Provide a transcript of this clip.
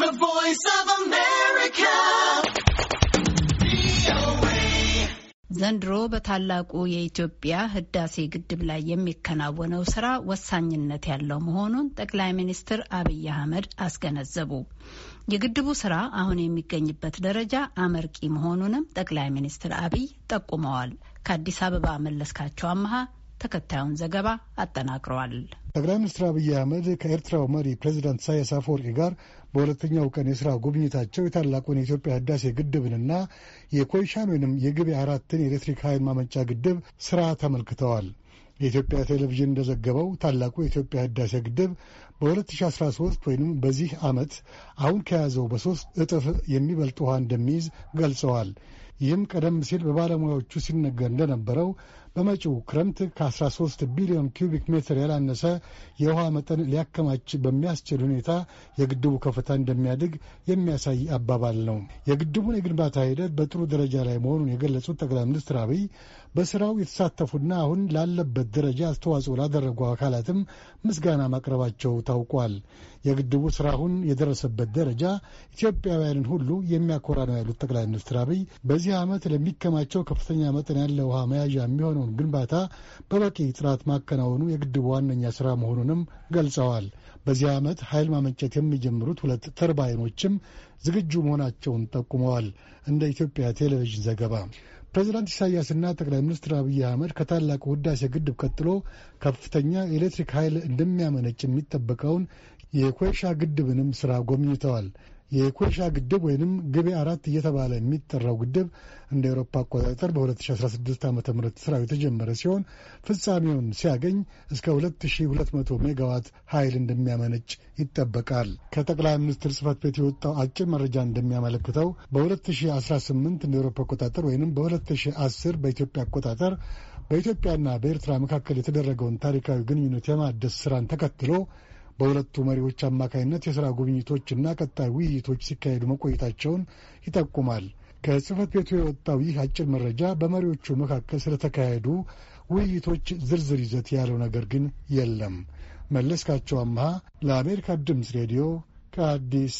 The Voice of America. ዘንድሮ በታላቁ የኢትዮጵያ ህዳሴ ግድብ ላይ የሚከናወነው ስራ ወሳኝነት ያለው መሆኑን ጠቅላይ ሚኒስትር አብይ አህመድ አስገነዘቡ። የግድቡ ስራ አሁን የሚገኝበት ደረጃ አመርቂ መሆኑንም ጠቅላይ ሚኒስትር አብይ ጠቁመዋል። ከአዲስ አበባ መለስካቸው አመሃ ተከታዩን ዘገባ አጠናቅረዋል። ጠቅላይ ሚኒስትር አብይ አህመድ ከኤርትራው መሪ ፕሬዚዳንት ኢሳያስ አፈወርቂ ጋር በሁለተኛው ቀን የሥራ ጉብኝታቸው የታላቁን የኢትዮጵያ ህዳሴ ግድብንና የኮይሻን ወይንም የግቤ አራትን የኤሌክትሪክ ኃይል ማመንጫ ግድብ ሥራ ተመልክተዋል። የኢትዮጵያ ቴሌቪዥን እንደዘገበው ታላቁ የኢትዮጵያ ህዳሴ ግድብ በ2013 ወይም በዚህ ዓመት አሁን ከያዘው በሦስት እጥፍ የሚበልጥ ውሃ እንደሚይዝ ገልጸዋል። ይህም ቀደም ሲል በባለሙያዎቹ ሲነገር እንደነበረው በመጪው ክረምት ከ13 ቢሊዮን ኪዩቢክ ሜትር ያላነሰ የውሃ መጠን ሊያከማች በሚያስችል ሁኔታ የግድቡ ከፍታ እንደሚያድግ የሚያሳይ አባባል ነው። የግድቡን የግንባታ ሂደት በጥሩ ደረጃ ላይ መሆኑን የገለጹት ጠቅላይ ሚኒስትር አብይ በስራው የተሳተፉና አሁን ላለበት ደረጃ አስተዋጽኦ ላደረጉ አካላትም ምስጋና ማቅረባቸው ታውቋል። የግድቡ ስራ አሁን የደረሰበት ደረጃ ኢትዮጵያውያንን ሁሉ የሚያኮራ ነው ያሉት ጠቅላይ ሚኒስትር አብይ በዚህ ዓመት ለሚከማቸው ከፍተኛ መጠን ያለ ውሃ መያዣ የሚሆነው የመስኖን ግንባታ በበቂ ጥራት ማከናወኑ የግድቡ ዋነኛ ሥራ መሆኑንም ገልጸዋል። በዚህ ዓመት ኃይል ማመንጨት የሚጀምሩት ሁለት ተርባይኖችም ዝግጁ መሆናቸውን ጠቁመዋል። እንደ ኢትዮጵያ ቴሌቪዥን ዘገባ ፕሬዚዳንት ኢሳያስና ጠቅላይ ሚኒስትር አብይ አህመድ ከታላቁ ህዳሴ ግድብ ቀጥሎ ከፍተኛ የኤሌክትሪክ ኃይል እንደሚያመነጭ የሚጠበቀውን የኮይሻ ግድብንም ስራ ጎብኝተዋል። የኮይሻ ግድብ ወይንም ግቤ አራት እየተባለ የሚጠራው ግድብ እንደ ኤሮፓ አቆጣጠር በ2016 ዓ ም ስራው የተጀመረ ሲሆን ፍጻሜውን ሲያገኝ እስከ 2200 ሜጋዋት ኃይል እንደሚያመነጭ ይጠበቃል። ከጠቅላይ ሚኒስትር ጽህፈት ቤት የወጣው አጭር መረጃ እንደሚያመለክተው በ2018 እንደ ኤሮፓ አቆጣጠር ወይንም በ2010 በኢትዮጵያ አቆጣጠር በኢትዮጵያና በኤርትራ መካከል የተደረገውን ታሪካዊ ግንኙነት የማደስ ስራን ተከትሎ በሁለቱ መሪዎች አማካኝነት የሥራ ጉብኝቶችና ቀጣይ ውይይቶች ሲካሄዱ መቆየታቸውን ይጠቁማል። ከጽህፈት ቤቱ የወጣው ይህ አጭር መረጃ በመሪዎቹ መካከል ስለተካሄዱ ውይይቶች ዝርዝር ይዘት ያለው ነገር ግን የለም። መለስካቸው አምሃ ለአሜሪካ ድምፅ ሬዲዮ ከአዲስ